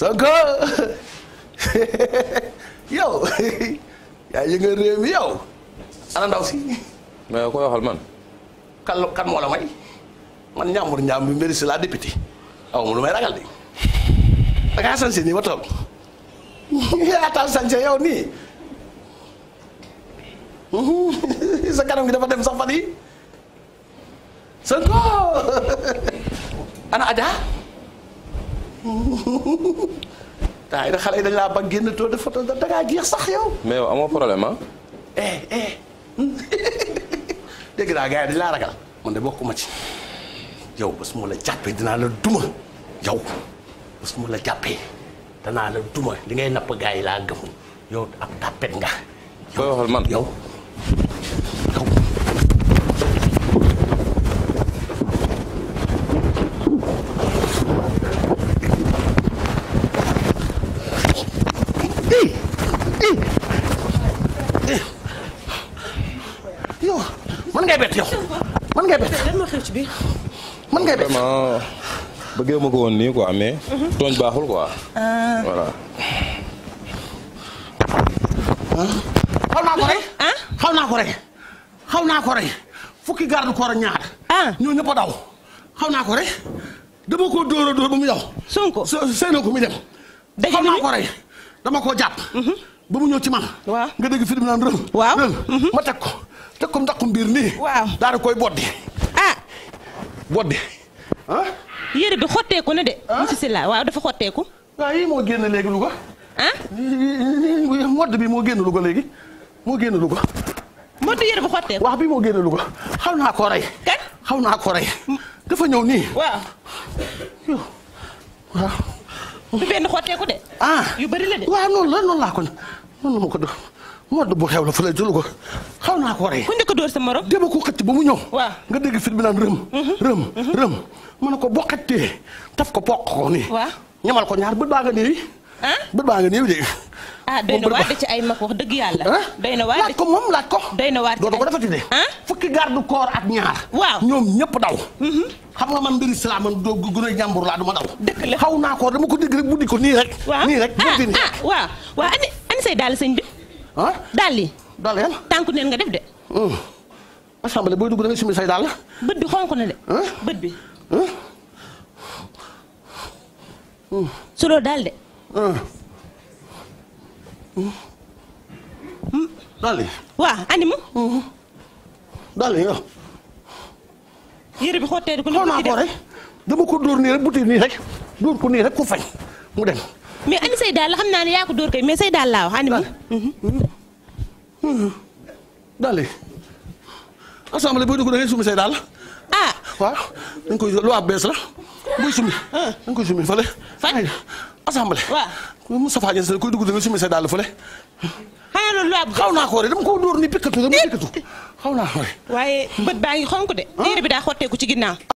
Sonko yow yaa yëngal réew mi yow ana ndaw si. mais ko waxal man. kan kan la may man Ndiambour Ndiamb bi mbiri laa député aw lu may ragal de da ngaa sañse nii ba toog taal sañse yow nii sa kanam gi dafa dem sax fan ana Adja. daay da xale yi dañ laa bañ génn tool de photo dangaa jeex sax yow. mais yow amoo problème ah. Eh, eh. dégg naa gars yi dañ laa ragal man de bokkuma ci yow bés moo la jàppee dinaa la duma yow bés moo la jàppee danaa la duma li ngay napp gars yi laa gëmul yow ab tàppet nga. koy waxal man yow. ngay bett man ngay bett. lan moo man ngay bett. ma ko woon nii ko mais. Mhm. tooñ baaxul quoi. Euh. voilà. Ah. xaw naa ko rey. Ah? xaw naa ko rey. xaw naa ko rey fukki garde corps ak ñaar. Ah. ñoo ñëpp daw xaw naa ko rey dama koo dóor a dóor ba mu daw. Sonko seen ko muy dem. dëgg xaw naa ko rey dama koo jàpp. Mhm. ba mu ñëw ci man. nga dégg film naan rëm. waaw rëm mhm. ma teg ko. te comme ndax mbiir nii. waaw daal di koy boddi. ah. yére bi xotteeku na dafa xotteeku. waaw yii moo génn léegi Louga. ah. modd bi moo génn Louga léegi moo génn Louga. modd yére bi xotteeku. wax bi moo génn Louga xaw naa koo rey. kan xaw naa ko rey. dafa ñëw nii. waaw. waaw. du benn xotteeku de. ah yu bari la de. waaw noonu la noonu laa ko noonu la ma ko def. wadd xew la fu lay jëlu ko xaw naa ko rey. ku njëkk a dóor sa morom. dama ko xëcc ba mu ñëw. waaw nga dégg fit bi naan rëm. Mhm. rëm mhm. rëm. na ko boo xëttee taf ko poq ko nii. ko ñaar bët baa nga nii. ah bët baa nga nii de. ah doy na waar da ci ay mag wax dëgg yàlla. Ah? doy na waar laaj ko moom laaj ko. doy na waar ci ay doo ko defati de. Ah? fukki garde corps ak ñaar. waaw ñoom ñëpp daw. Mhm. xam nga man mbiri laa man doo gën a jàmbur laa du ma daw. dëgg la xaw naa ko dama ko dégg rek buddi ko nii rek. waaw nii rek buddi ah, nii rek. ah ah ani ani say daal sëñ bi ah daal yi daal yan tànku neen nga def de hmm. assemblée booy dugg da ngay simi say daal bët bi xonk na de bët bi hmm. suloo daal de hmm. daal yi waaw andi daal yi yow yére bi xottee ko xaw naa ko rek ko dóor nii rek buti nii rek dóor ko nii rek ku fañ mu dem mais ani say daal la xam naa ne yaa ko dóor kay mais say daal laa wax ani mi daal mhm. assemblée booy dugg da ngay say daal ah. dañ koy loi bees la booy sumi ah. dañ koy sumi fële fan assemblée waaw Moustapha Niasse da ngay sumi say xaw naa ko dam dama ko dóor ni pikkatu dama pikkatu eh. xaw naa ko waaye bët baa ngi xonk de ah. téere bi daa xotteeku ci ginnaaw